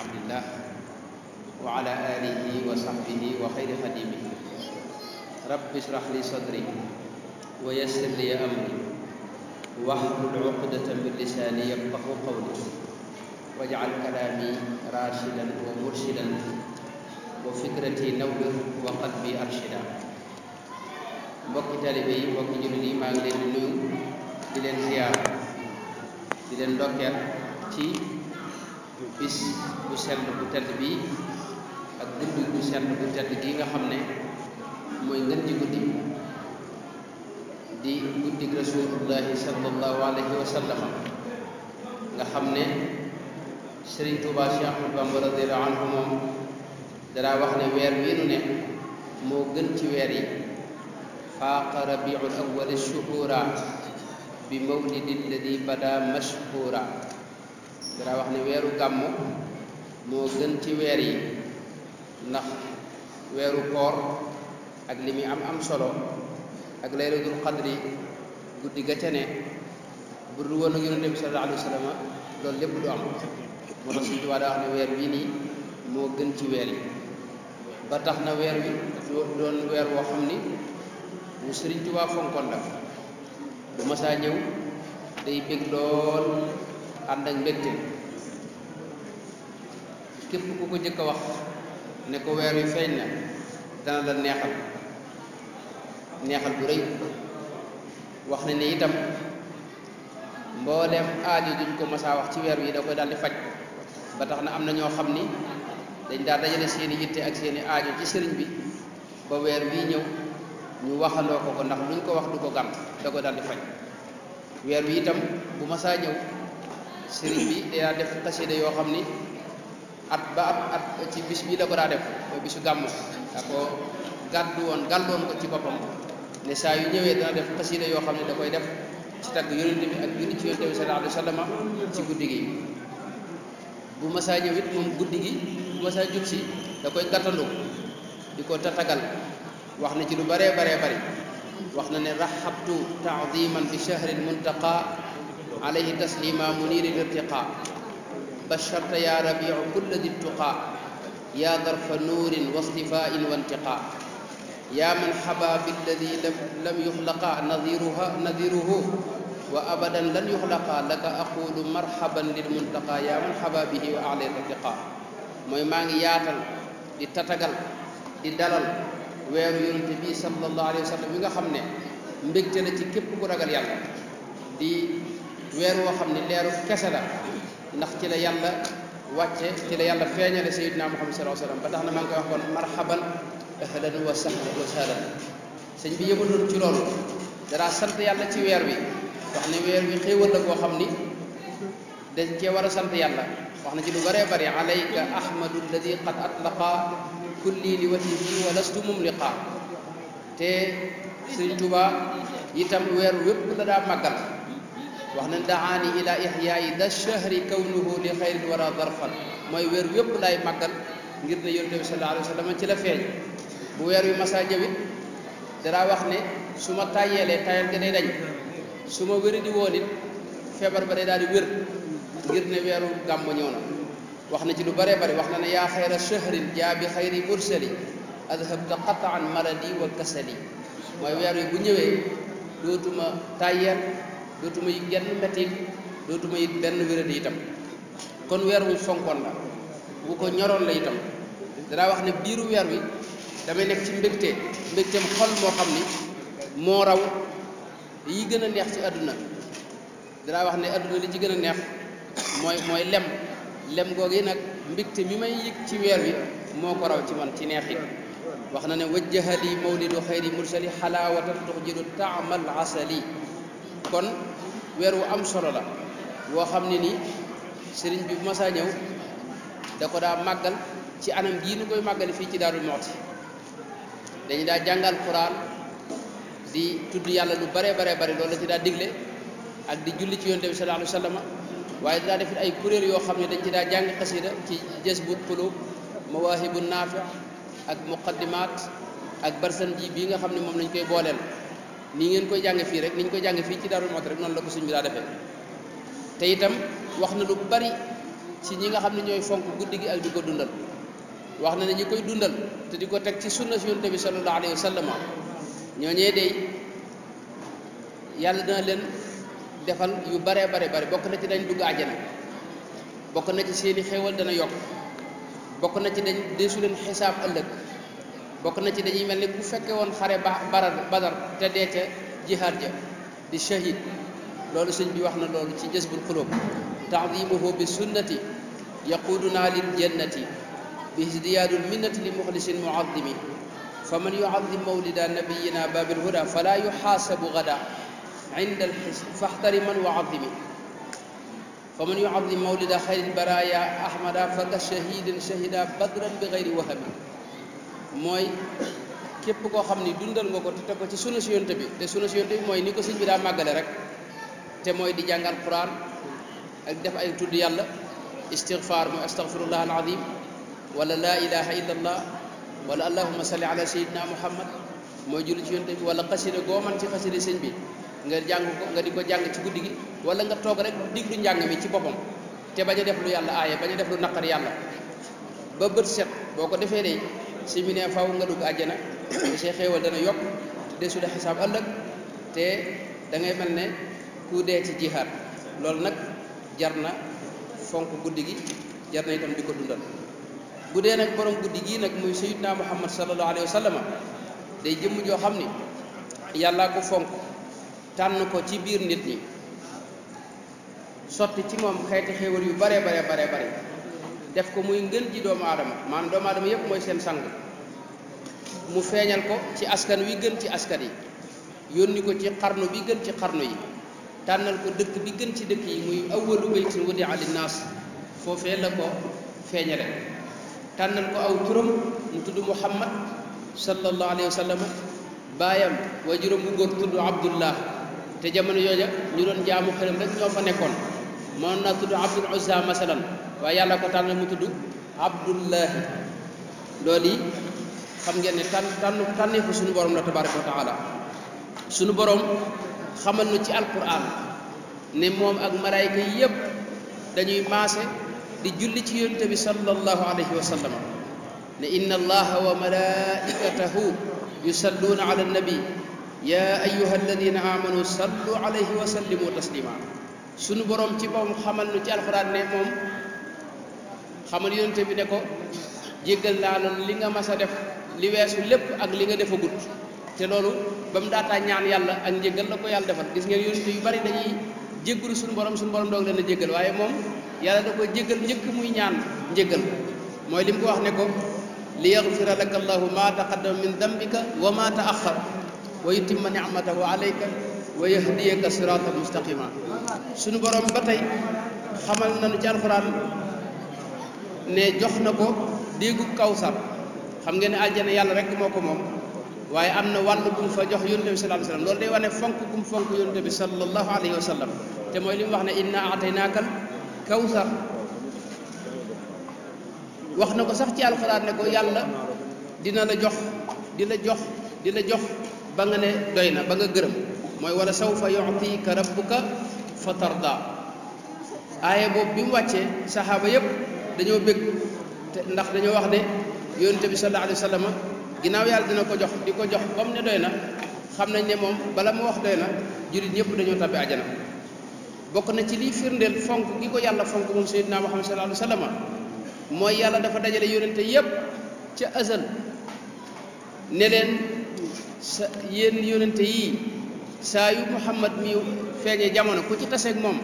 عبد الله وعلى آله وصحبه وخير خديمه رب اشرح لي صدري ويسر لي أمري واحلل عقدة من لساني يفقه قولي واجعل كلامي راشدا ومرشدا وفكرتي نور وقلبي أرشدا وقت لبي وقت mbokki ما yi maa ngi leen bis bu sedd bu tedd bii ak dund bu sedd bu tedd gii nga xam ne mooy ngën guddi di guddig Rasulullah salallahu alayhi wa sallam nga xam ne sëriñ touba cheikh bamb radiallahu anhu moom danaa wax ne weer wii nu ne moo gën ci weer yi faaqa rabiul awal shuhura bi mawlidi alladi bada mashhura dara wax ni weeru gàmmu moo gën ci weer yi ndax weeru koor ak li muy am am solo ak laylatul qadri guddi ga ca ne bu dul woon ak yonente bi sallallahu alayhi wa sallam loolu lépp du tubaab daa weer bii nii moo gën ci weer yi ba tax na weer wi doon weer woo ni mu Sëriñ la bu masaa ñëw day bég lool ànd ak mbégte képp ku ko jëkk a wax ne ko weer wi feeñ na dana la neexal neexal bu rëy wax na ne itam mbooleem aajo duñ ko masaa wax ci weer wi da koy daal di faj ba tax na am na ñoo xam ni dañ daa dajale seeni yitte ak seeni aajo ci sëriñ bi ba weer bii ñëw ñu waxaloo ko ko ndax luñ ko wax du ko gànt da koy daal di faj weer wi itam bu masaa ñëw sëriñ bi daa def xasida yoo xam ni at ba at at ci bis bii la ko daa def mooy bisu gàmm da ko gàddu woon gàlloon ko ci boppam ne saa yu ñëwee dana def xasida yoo xam ne da koy def ci tagg yonente bi ak julli ci yonente bi sallallahu alayhi wa sallam ci guddi gi bu masaa ñëw si da koy gàttandu di ko tatagal wax na ci lu baree bare bari wax na ne raxabtu taadiman bi shahri lmuntaqa عليه تسليما منير الارتقاء بشرت يا ربيع كل ذي التقى يا ظرف نور واصطفاء وانتقاء يا من حبى بالذي لم يخلق نظيرها نظيره وابدا لن يخلق لك اقول مرحبا للمنتقى يا من حبى به واعلى الارتقاء موي ماغي ياتال دي تاتغال دي دالال وير weeru yonente bi sallallahu alayhi wa sallam yi nga xam ne mbégte la ci képp weer woo xam ne leeru kese la ndax ci la yàlla wàcce ci la yàlla feeñale sayidina muhammad salaa sallam ba tax na maa ngi koy wax kon marhaban ahlan wa sahlan wa sahlan sëñ bi yëmadoon ci loolu danaa sant yàlla ci weer wi wax ne weer wi xéewal la koo xam ni dañ cee war a sant yàlla wax na ci lu bëree bëri alayka ahmadu alladi qad atlaqa kulli li wajhihi wa lastu mumliqa te sëñ tuba itam weer wépp la daa màggal وحنا دعاني إلى إحياء ذا الشهر كونه لخير الورى ظرفا mooy weer yëpp lay màggal ngir ne yonent bi sallallahu alayhi wa sallam ci la feeñ bu weer yu masa jëwit danaa wax ne su ma tàyyeelee tàyyeel ga day dañ su ma wéri di woon it feebar ba day daal di wér ngir ne weeru gàmmu ñëw na wax na ci lu bare bari wax na ne yaa xayra shahrin jaa bi xayri mursali adhabta qataan maradi wa kasali mooy weer yi bu ñëwee dootuma tàyyeel dootuma yëg genn mbetteel dootuma yëg benn wéradi itam kon weer wu fonkoon la wu ko ñoroon la itam danaa wax ne biiru weer wi damay nekk ci mbégte mbégteem xol moo xam ni moo raw yi gën a neex ci aduna danaa wax ne aduna li ci gën a neex mooy mooy lem lem googu nag mbégte mi may yëg ci weer wi moo ko raw ci man ci neexit wax na ne wajjaha li mawlidu xayri mursali xalaawatan tuxjidu taamal asali kon weer wu am solo la woo xam ne nii sëriñ bi bu masaa ñëw da ko daa màggal ci anam gii nu koy màggale fii ci Daaru Muxti dañu daa jàngal Quraan di tudd yàlla lu bare bare bare loolu la ci daa digle ak di julli ci yonent bi sallallahu alayhi wa sallam waaye di daa defit ay kuréel yoo xam ne dañ ci daa jàng xasida ci Jazbul Quluub Mawaahibu Naafi' ak muqaddimaat ak barsan ji bii nga xam ne moom lañ koy booleel nii ngeen koy jàng fii rek ni ñu koy jànge fii ci Daarul Muxti rek noonu la ko sëñ bi daa defee te itam wax na lu bari si ñi nga xam ne ñooy fonk guddi gi ak di ko dundal wax na ne ñi koy dundal te di ko teg ci sunna si yonent bi sallallahu alayhi ñoo sallam ñooñee day yàlla dina leen defal yu baree bare bare bokk na ci dañ dugg àjjana bokk na ci seeni xéewal dana yokk bokk na ci dañ deesu leen xisaab ëllëg بكنا تيجي نجيب لك كوفة كون خارج بدر بدر تدري أنت جهاد جا دي شهيد لو نسنج بيوحنا لو نتجس بالقلوب تعظيمه بالسنة يقودنا للجنة بهزياد المنة لمخلص المعظم فمن يعظم مولد نبينا باب الهدى فلا يحاسب غدا عند الحسن فاحترم من وعظمه فمن يعظم مولد خير البرايا احمد فكشهيد شهد بدرا بغير وهم mooy képp koo xam ni dundal nga ko te teg ko ci sunna si yonte bi te sunna si yonte bi mooy ni ko sëñ bi daa màggale rek te mooy di jàngal quran ak def ay tudd yàlla istighfar mooy astaghfirullah al azim wala laa ilaha illa allah wala allahuma salli ala sayidina muhammad mooy julli ci yonte bi wala xasida goo man ci xasida sëñ bi nga jàng ko nga di ko jàng ci guddi gi wala nga toog rek diglu njàng mi ci boppam te bañ a def lu yàlla aaye bañ a def lu naqar yàlla ba bët set boo ko defee de sëñ faw nga dugg àjjana te see xéewal dana yokk te desu la xisaab ëllëg te da ngay mel ne ku dee ci jihaad loolu nag jar na fonk guddi gi jar na itam di ko dundal bu nag borom guddi gii nag muy sayyidna muhammad sallallahu alayhi wa sallam day jëmm joo xam ni yàllaa ko fonk tànn ko ci biir nit ñi sotti ci moom xeeti xéewal yu bare bare bare bare def ko muy ngën ji doomu aadama maanaam doomu aadama yëpp mooy seen sang mu feeñal ko ci askan wi gën ci askan yi yónni ko ci xarnu bi gën ci xarnu yi tànnal ko dëkk bi gën ci dëkk yi muy awwalu baytin wudi'a linnaas foofee la ko feeñale tànnal ko aw turam mu tudd muhammad sallallahu alayhi wa sallam baayam waajuram juróom góor tudd abdullah te jamono yooja ñu doon jaamu xërëm rek ñoo fa nekkoon moon naa tudd abdul uzza masalan waaye yàlla ko tànn mu tudd abdullahi loolu yi xam ngeen ne tànn tànn tànnee ko suñu borom la tabaraka wa taala suñu borom xamal nu ci alquran ne moom ak malayka yi yëpp dañuy maase di julli ci yonent bi sallallahu alayhi wa sallam ne inna allaha wa malaikatahu yusalluuna ala nabi yaa ayuha alladina amanu sallu alayhi wa sallimu taslima suñu borom ci boppam xamal nu ci alquran ne moom xamal yonente bi ne ko jéggal naa loolu li nga mas a def li weesu lépp ak li nga defagut te loolu ba mu daataa ñaan yàlla ak njéggal la ko yàlla defal gis ngeen yonente yu bari dañuy jéggalu suñu borom suñu borom doog leen a jéggal waaye moom yàlla da ko jéggal njëkk muy ñaan njéggal mooy li mu ko wax ne ko li yaxfira laka allahu ma taqaddama min dambika wa ma taaxar wa yutimma nicmatahu alayka wa yahdiyaka siratan mustaqima suñu borom ba tey xamal nañu ci alxuraan ne jox na ko déggu kawsar xam ngeen ne aljana yàlla rek moo ko moom waaye am na wàll bu mu fa jox yonent bi sallallahu alayhi wa sallam loolu day wane fonk bu mu fonk yonent bi sallallahu te mooy li mu wax ne inna ataynaakal kawsar wax na ko sax ci alxuraan ne ko yàlla dina la jox di la jox di la jox ba nga ne doy na ba nga gërëm mooy wala sawfa kër rabbuka fa tarda aaye boobu bi mu wàccee saxaaba yépp dañoo bëgg ndax dañoo wax ne yonent bi sallallahu alayhi wa sallam ginnaaw yàlla dina ko jox di ko jox ba mu ne doy na xam nañ ne moom bala mu wax doy na jullit ñëpp dañoo tabbi ajana bokk na ci liy firndeel fonk gi ko yàlla fonk moom sayyidina Muhammad sallallahu alayhi wa mooy yàlla dafa dajale yonente yëpp ca azal ne leen sa yéen yonente yii saa yu Muhammad mi feeñee jamono ku ci taseeg moom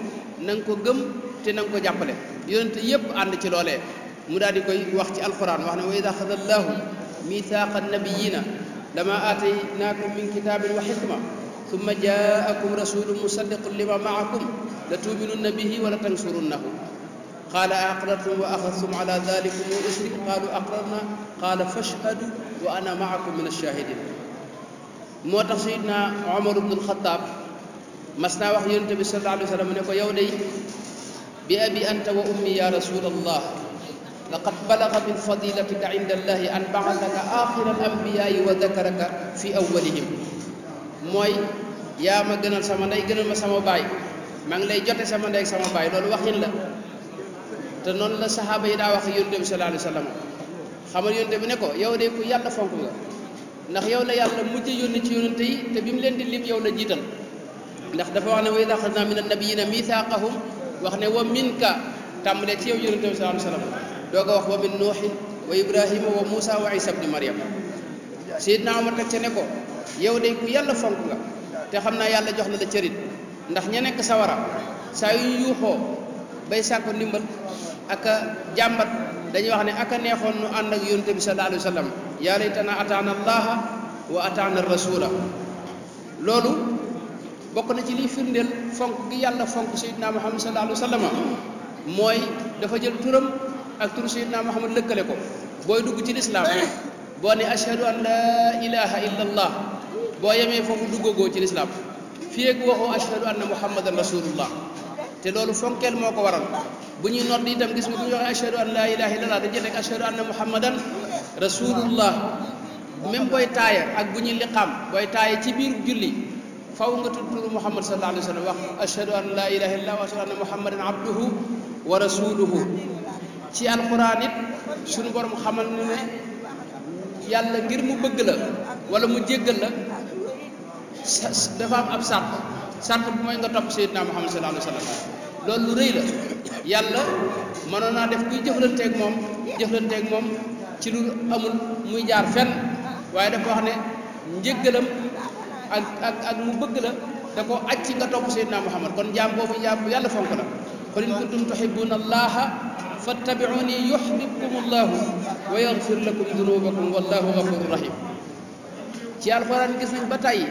na nga ko gëm te na ko jàppale yonente yépp ànd ci loolee mu daal di koy wax ci alquran wax ne wa ida xada allahu mithaqa nabiyina lama aataynakum min kitabin wa xikma ثم جاءكم رسول مصدق لما معكم لتؤمنن به ولتنصرنه قال أقررتم وأخذتم على ذلكم إثري قالوا أقررنا قال فاشهدوا وأنا معكم من الشاهدين moo tax sayidna omar ibnul xataab mas naa wax yonente bi sallallahu alayhi wa sallam ne ko yow day بأبي أنت وأمي يا رسول الله لقد بلغ من فضيلتك عند الله أن بعثك آخر الأنبياء وذكرك في أولهم mooy yaa ma gënal sama ndey gënal ma sama baay maa ngi lay jote sama ndey sama baay loolu waxin la te noonu la saxaaba yi daa wax yonte bi sallallahu alayhi wa sallam xamal yonte bi ne ko yow de ku yàlla fonk nga ndax yow la yàlla mujj yónni ci yonente yi te bi mu leen di lim yow la jiital ndax dafa wax ne wa idaa axadnaa mina nabiyyiina miisaaqahum wax ne wa minka tàmbalee ci yow yonente bi sallallahu alayhi wasallam a wax wa min nuuhin wa ibrahima wa muusa wa isa ibni maryam sayidna omar teg ca ne ko yow day ku yàlla fonk nga te xam naa yàlla jox na la cërit ndax ña nekk sawara saa yu yuuxoo bay sàkko ndimbal aka jàmbat dañuy wax ne aka neexoon nu ànd ak yonente bi sallallahu alayhi wasallam yaa laytana ataana allaha wa ataana rasula loolu bokk na ci liy firndeel fonk gi yàlla fonk sayyidina muhammad sallallahu alayhi wa sallam mooy dafa jël turam ak turu sayyidina muhammad lëkkale ko booy dugg ci lislaam boo ne ashhadu an laa ilaha illa allah boo yemee foofu duggagoo ci lislaam fii ak waxoo ashhadu anna muhammadan rasulullah te loolu fonkeel moo ko waral bu ñuy nodd itam gis nga bu ñu waxee ashhadu an laa ilaha illallah dañuy teg ashhadu anna muhammadan rasulullah même booy taaya ak bu ñuy liqaam booy taaya ci biir julli فاو تدور محمد صلى الله عليه وسلم اشهد ان لا اله الا الله واشهد ان محمدا عبده ورسوله في القران سونو بروم خامل ني يالا غير مو بغ لا ولا مو جيغل لا دافا ام اب سيدنا محمد صلى الله عليه وسلم لول لو ري لا يالا مانونا ديف كوي جيفلانتيك موم جيفلانتيك موم تي لول امول موي جار فن واي دا كو ak ak ak mu bëgg la da ko aj ci nga topp Seydina Muhammad kon jaam boobu jaam bu yàlla fonk la qul in kuntum tuhibbuna allaha fattabi'uni yuhbibkum allahu wa yaghfir lakum dunubakum wallahu ghafurur rahim ci alquran gis nañ ba tàyyi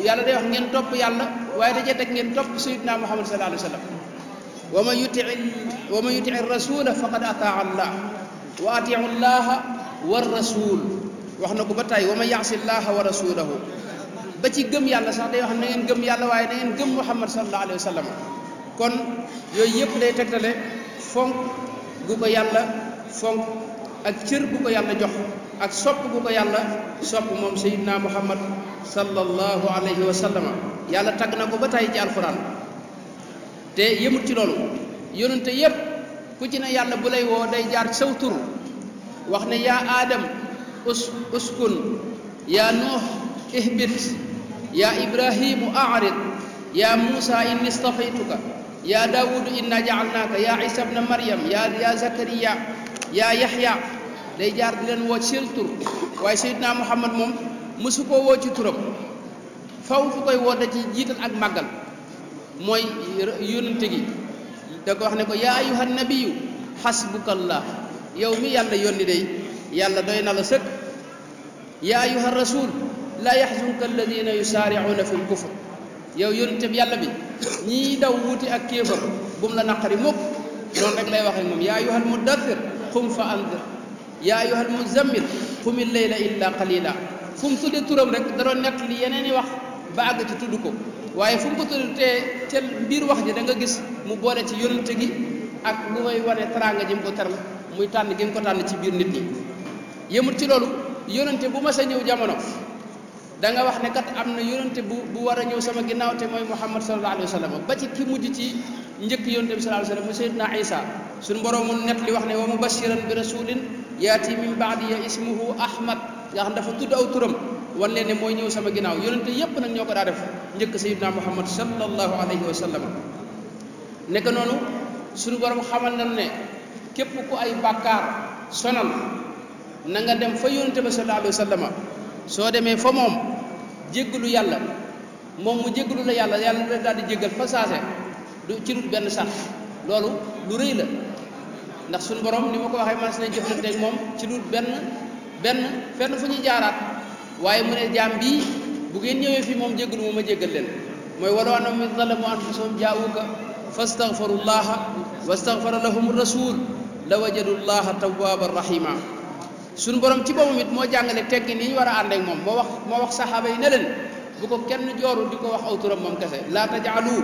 yàlla day wax ngeen topp yàlla waaye dajee teg ngeen topp Seydina Muhammad sallallahu alayhi wa sallam wa man yuti'i wa man yuti'i rasula faqad ata'a allah wa ati'u allaha war rasul wax na ko ba tàyyi wa man ya'si allaha wa rasulahu ba ci gëm yàlla sax day wax na ngeen gëm yàlla waaye na gëm muhammad sallallahu alayhi wa sallam kon yooyu yëpp day tegtale fonk gu ko yàlla fonk ak cër bu ko yàlla jox ak sopp bu ko yàlla sopp moom sayidna muhammad sallallahu tagg na ko ba tey ci alquran te yëmut ci loolu yonente yëpp ku ci ne yàlla bu lay woo day jaar saw tur wax ne yaa aadam uskun yaa nuux ihbit yaa ibrahimu arid ya musa inni istafaytuka ya dawudu inna jaalnaaka ya isa bna maryam ya ya zakariya ya yaxya day jaar di leen woo ci seen tur waaye seydina muhammad moom mësu koo woo ci turam faw fu koy woo da jiital ak màggal mooy yónnante gi da wax ne ko yaa ayuha nabiyu xasbukallah yow mi yàlla yónni day yàlla doy na la sëkk yaa ayuha rasul laa yaxzunka alladina yusaaricuuna fi lkufr yow yonent bi yàlla bi ñii daw wuti ak kéefam bu la naqari mukk loolu rek lay waxee moom yaa ayyuhal muddathir qum fa andir yaa ayyuhal muzammil qumil layla illa qalila fu mu tuddee turam rek da doon li yeneen i wax ba tudd ko waaye fu mu ko te te mbir wax ji da nga gis mu boole ci yonent gi ak lu koy wane teraanga ji ko teral muy tànn gi ko tànn ci biir nit ñi yëmut ci loolu yonent bu ma sa ñëw jamono da nga wax ne kat am na yonente bu bu war a ñëw sama ginnaaw te mooy muhammad sallallahu alayhi wa sallam ba ci ki mujj ci njëkk yonente bi sallallahu alayhi wa sallam mu sayyidina isa suñu borom mu net li wax ne wa mubashiran bi rasulin yaati min baadi ya ismuhu ahmad nga xam dafa tudd aw turam wan leen ne mooy ñëw sama ginnaaw yonente yépp nag ñoo ko daa def njëkk sayyidina muhammad sallallahu alayhi wa sallam nekk noonu suñu borom xamal nañu ne képp ku ay bàkkaar sonal na nga dem fa yonente bi sallallahu alayhi wa sallam soo demee fo moom jéggalu yàlla moom mu jéggalu la yàlla yàlla la daal di jéggal fa saase du ci dul benn sart loolu lu rëy la ndax sunu borom ni ma ko waxee mas ne jëflanteeg moom ci dul benn benn fenn fu ñuy jaaraat waaye mu ne jaam bii bu ngeen ñëwee fii moom jéggalu mu ma jéggal leen mooy walaw annahum iz zalamu anfusahum jaa'uuka fastaghfaru llaha wastaghfara lahum rasul la wajadu llaha tawwaban rahima suñu borom ci boppam it moo jàngale teggin yi ñu war a ànd moom moo wax moo wax saxaaba yi ne leen bu ko kenn jooru di ko wax aw turam moom kese laa tajaalu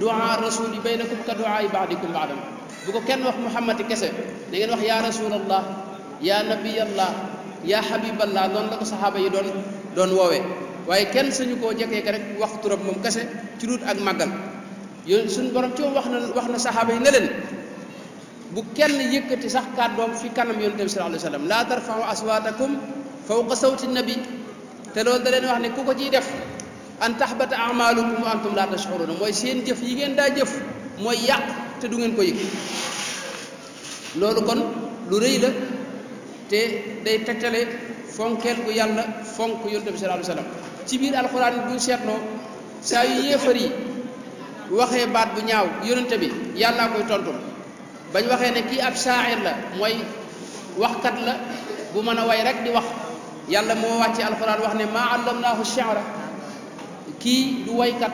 duaa rasuli baynakum ka duaa baadikum baadam bu ko kenn wax muhammad kese da ngeen wax yaa rasulallah yaa nabiyallah yaa habiballah noonu la ko saxaaba yi doon doon woowee waaye kenn sañu koo jekkee ko rek wax turam moom kese ci duut ak màggal yooyu suñu borom ci wax na wax na saxaaba yi ne leen bu kenn yëkkati sax kàddoom fi kanam yonent bi sallallahu alayhi wa sallam laa tarfau aswaatakum fawqa sawti nabi te loolu da leen wax ne ku ko ciy def an taxbata amaalukum wa antum laa tashuruna mooy seen jëf yi ngeen daa jëf mooy yàq te du ngeen ko yëg loolu kon lu rëy la te day tegtale fonkeel gu yàlla fonk yonent bi sallallahu alayhi wa sallam ci biir alxuraan bu seetloo saa yu yéefar yi waxee baat bu ñaaw yonent bi yàllaa koy tontu. bañ waxee ne kii ab shaa'ir la mooy waxkat la bu mën a way rek di wax yàlla moo wàcce alquran wax ne maa allamnaahu shi'ra kii du waykat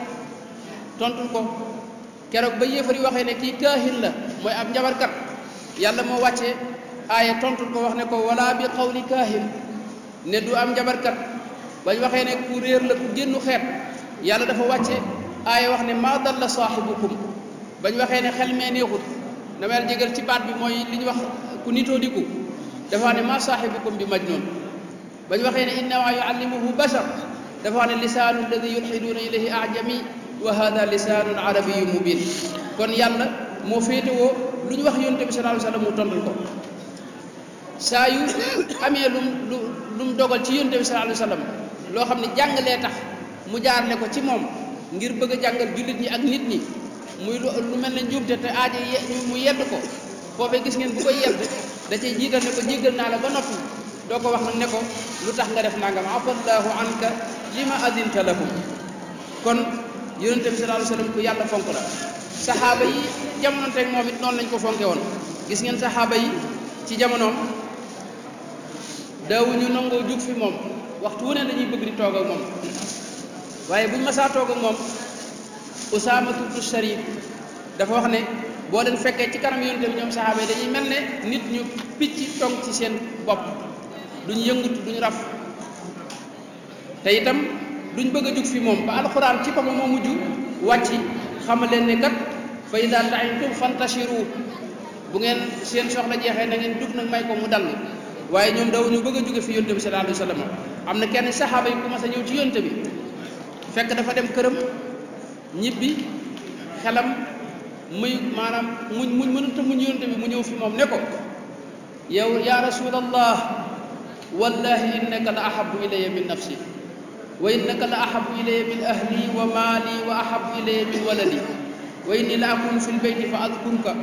tontul ko keroog ba yéefar yi waxee ne kii kaahin la mooy ab njabarkat yàlla moo wàcce aaya tontul ko wax ne ko wala bi qawli kaahin ne du am njabarkat bañ waxee ne ku réer la ku génnu xeet yàlla dafa wàcce aaya wax ne maa dalla saaxibukum bañ waxee ne xel mee dama la jégal ci baat bi mooy li ñu wax ku nitoo diku dafa wax ne maa saaxibukum bi majnun ba ñu waxee ne innama yuallimuhu bashar dafa wax ne lisaanu alladi yulxiduuna ilayhi ajami wa hada lisaanun arabiyu mubin kon yàlla moo féetewoo lu ñu wax yonte bi sallallahu alayhi wasallam mu tontul ko saa yu amee lum lu mu dogal ci yonte bi sallallahu alayhi wasallam loo xam ne jàngalee tax mu jaarle ko ci moom ngir bëgg a jàngal jullit ñi ak nit ñi muy lu mel ne njuumte te aajo mu yedd ko foofee gis ngeen bu koy yedd da cay jiital ne ko jéggal naa la ba noppi doo ko wax na ne ko lu tax nga def nangam afallahu anka lima adinta lahum kon yonente bi sallallahu alayhi wasallam ku yàlla fonk la saxaaba yi jamononteeg moom it noonu lañ ko fonke woon gis ngeen saxaaba yi ci jamonoom daawuñu nangoo jug fi moom waxtu wu ne dañuy bëgg di toog ak moom waaye buñ masaa toog moom usama tuddu sharif dafa wax ne boo leen fekkee ci kanam yoon bi ñoom saxaaba yi dañuy mel ne nit ñu picc tong ci seen bopp duñ yëngatu duñ raf te itam duñ bëgg a jug fi moom ba alxuraan ci pama moo mujj wàcc xamaleen ne kat fa ida taintum fantashiru bu ngeen seen soxla jeexee na ngeen dug nag may ko mu dal waaye ñoom daw ñu bëgg a jóge fi yonte bi sallallahu alayhi wa sallam am na kenn saxaaba yi commencé ñëw ci yonte bi fekk dafa dem këram ñibbi xelam muy maanaam muñ muñ mënut a muñ yonent bi mu ñëw fi moom ne ko yow ya rasul allah wallahi innaka la ahabu ilaya min nafsi wa innaka la ahabu ilaya min ahli wa mali wa ahabu ilaya min waladi wa inni la akunu fi lbeyti fa adkuruka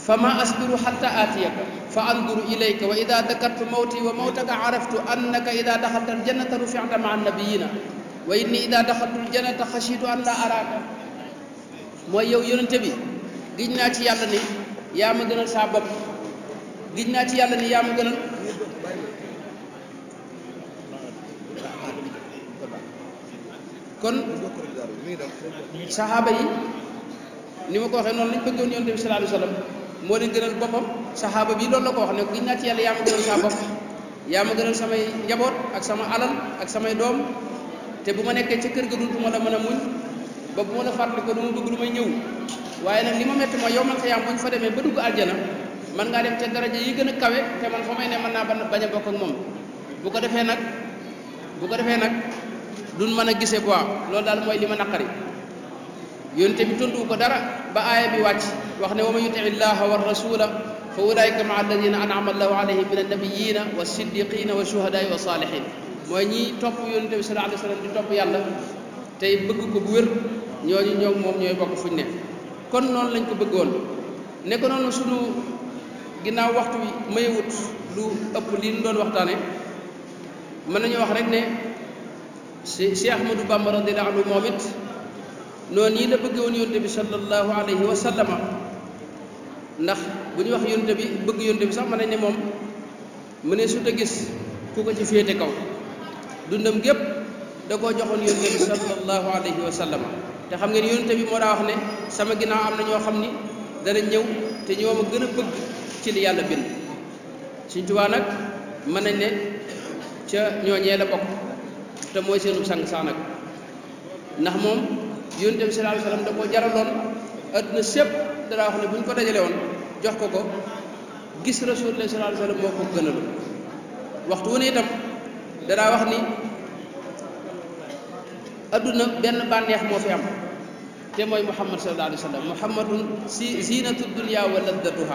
فما أصبر حتى آتيك فأنظر إليك وإذا ذكرت موتي وموتك عرفت أنك إذا دخلت الجنة رفعت مع النبيين وإني إذا دخلت الجنة خشيت أن لا أراك موي يو يونتبي غيجنا تي يالا ني يا ما غنال سا بوب غيجنا تي يالا ني يا ما غنال كون صحابه يي نيما كو خي نون لي بيغون يونتبي صلى الله عليه وسلم مودي غنال بوبام صحابه بي لون لا كو خني غيجنا تي يالا يا ما غنال سا بوب يا ما غنال سامي نجابوت اك سما علال اك سامي دوم te bu ma nekkee ca kër ga dund ma la mën a muñ ba bu ma la fàttali ko du ma bëgg lu may ñëw waaye nag li ma métti mooy yow man xëyaam bu ñu fa demee ba dugg aljana man ngaa dem ca daraja yi gën a kawe te man fa may ne mën naa bañ a bokk ak moom bu ko defee nag bu ko defee nag duñ mën a gisee quoi loolu daal mooy li ma naqari yonte bi tontu ko dara ba aaya bi wàcc wax ne wa man yuti illaha wa rasula fa ulaika maa alladina anama allahu alayhim min annabiyina wa siddiqina wa shuhadaai wa mooy ñii topp yonent bi sallallahu alayhi wa sallam di topp yàlla tey bëgg ko bu wér ñooñu ñoom moom ñooy bokk fuñ ne kon noonu lañ ko bëggoon ne ko noonu sunu ginnaaw waxtu wi mayewut lu ëpp li ñu doon waxtaane mën nañu wax rek ne Cheikh Ahmadou Bamba radiyallahu anhu moom it noonu yi la bëgge woon yonent bi sallallahu alayhi wa sallama ndax bu ñu wax yonent bi bëgg yonent bi sax mën nañ ne moom mu ne su ta gis ku ko ci féete kaw dundam gépp da koo joxoon yonent bi sallallahu alayhi wa sallam te xam ngeen yonent bi moo daa wax ne sama ginnaaw am na ñoo xam ni dana ñëw te ñoo ma gën a bëgg ci li yàlla bind Sëñ Tuubaa nag mën nañ ne ca ñooñee la bokk te mooy seenu sang sax nag ndax moom yonent bi sallallahu alayhi wa da koo jaraloon adduna sépp dara wax ne bu ñu ko dajale woon jox ko ko gis rasulullah sallallahu alayhi wa sallam moo ko gënal waxtu wu ne itam danaa wax ni adduna benn bànneex moo fi am te mooy muhammad sallallahu alayhi wa sallam muhammadun si zinatu dunya wa laddatuha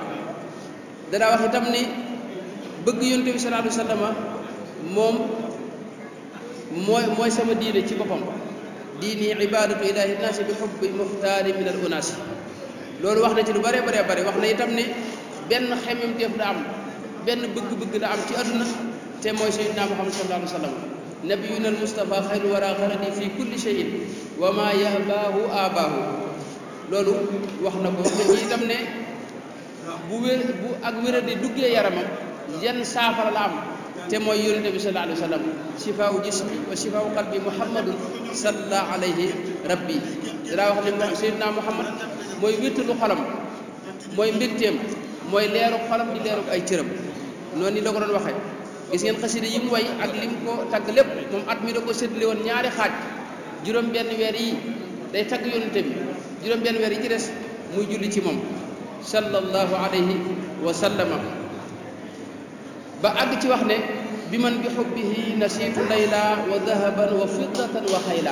danaa wax itam ni bëgg yonte bi sallallahu moom mooy sama diine ci boppam diini ibadatu ilahi naasi bi xubbi muxtaari min unaasi loolu wax na ci lu bare bare bare wax na itam ni benn xemem teef da am benn bëgg-bëgg da am ci adduna تي موي سيدنا محمد صلى الله عليه وسلم نبينا المصطفى خير ورا خردي في كل شيء وما يهباه اباه لولو واخنا بو تي تام ني بو وير بو اك وير دي دوجي يارامم ين سافر لام تي موي يوري النبي صلى الله عليه وسلم شفاء جسمي وشفاء قلبي محمد صلى عليه ربي دا واخني سيدنا محمد موي ويتلو خلام موي مبتيم موي ليرو خلام دي ليرو اي تيرم نوني لا ko don waxe gis ngeen xasida yi mu way ak lim ko tagg lépp moom at mi da ko séddale woon ñaari xaaj juróom benn weer yi day tagg yonente bi juróom benn weer yi ci des muy julli ci moom sallallahu alayhi wa sallama ba àgg ci wax ne bi man bi xubbihi nasitu layla wa dahaban wa fiddatan wa xayla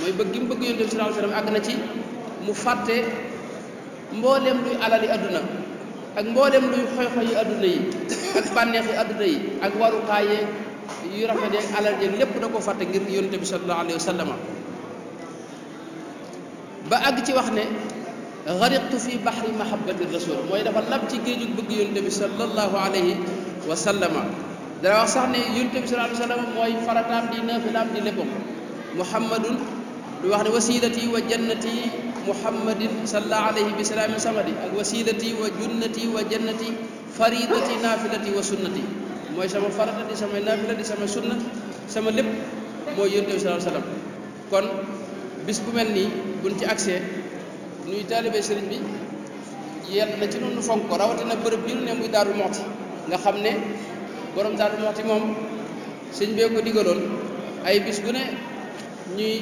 mooy bëgg gi mu bëgg yonente bi sallallahu alayhi wa sallam àgg na ci mu fàtte mbooleem luy alali adduna ak mboolem luy xew-xew yi adduna yi ak bànneex yi adduna yi ak warukaay yeeg yu rafet yeeg alal yeeg lépp da ko fàtte ngir yonente bi sallallahu alayhi wa sallam ba àgg ci wax ne xariqtu fi baxri mahabbati rasul mooy dafa lab ci géeju bëgg yonente bi sallallahu alayhi wa sallam dana wax sax ne yonente bi sallallahu alayhi wa sallam mooy farataam di naafilaam di léppam muhammadun du wax ne wasilati wa jannati محمد صلى الله عليه بسلام سمدي ak wasilati wa junnati wa jannati faridati nafilati wa sunnati mooy sama farata di sama nafila di sama sunna sama lépp mooy yonte bi sallallahu alayhi wasallam kon bis bu mel nii buñ ci accès nuy taalibe sëriñ bi yenn na ci noonu fonk ko rawatina bërëb bi ñu ne muy Daaru Muxti nga xam ne borom Daaru Muxti moom sëñ bee ko digaloon ay bis gu ne ñuy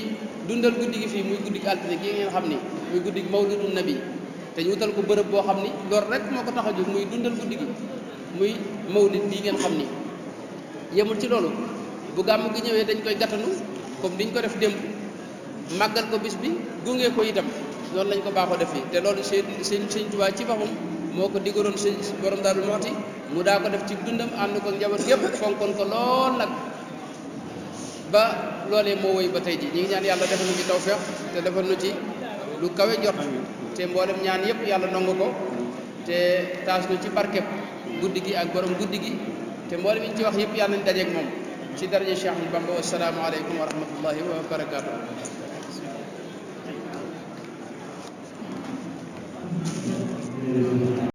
dundal guddi gi fii muy guddi altine gi ngeen xam ni muy guddi mawlidu nabi te ñu wutal ko bërëb boo xam ni loolu rek moo ko tax a jóg muy dundal guddi gi muy di bii ngeen xam ni yemul ci loolu bu gàmm gi ñëwee dañ koy gàttanu comme niñ ko def démb màggal ko bis bi gunge ko itam loolu lañ ko baaxoo def fii te loolu seen seen sëñ Tuubaa ci boppam moo ko digaloon sëñ borom Daaru Muxti mu daa ko def ci dundam ànd ko njaboot yëpp fonkoon ko lool nag loole moo wéy ba tey ji ñi ngi ñaan yàlla defal nu ci tawfeex te defal nu ci lu kawe jot te mboolem ñaan yëpp yàlla nangu ko te taas nu ci barkeb guddi gi ak borom guddi gi te mboolem yi ñu ci wax yëpp yàlla nañ dajeeg moom ci daraja Cheikh Ahmadou Bamba wasalaamu aleykum wa rahmatullahi wa barakaatu.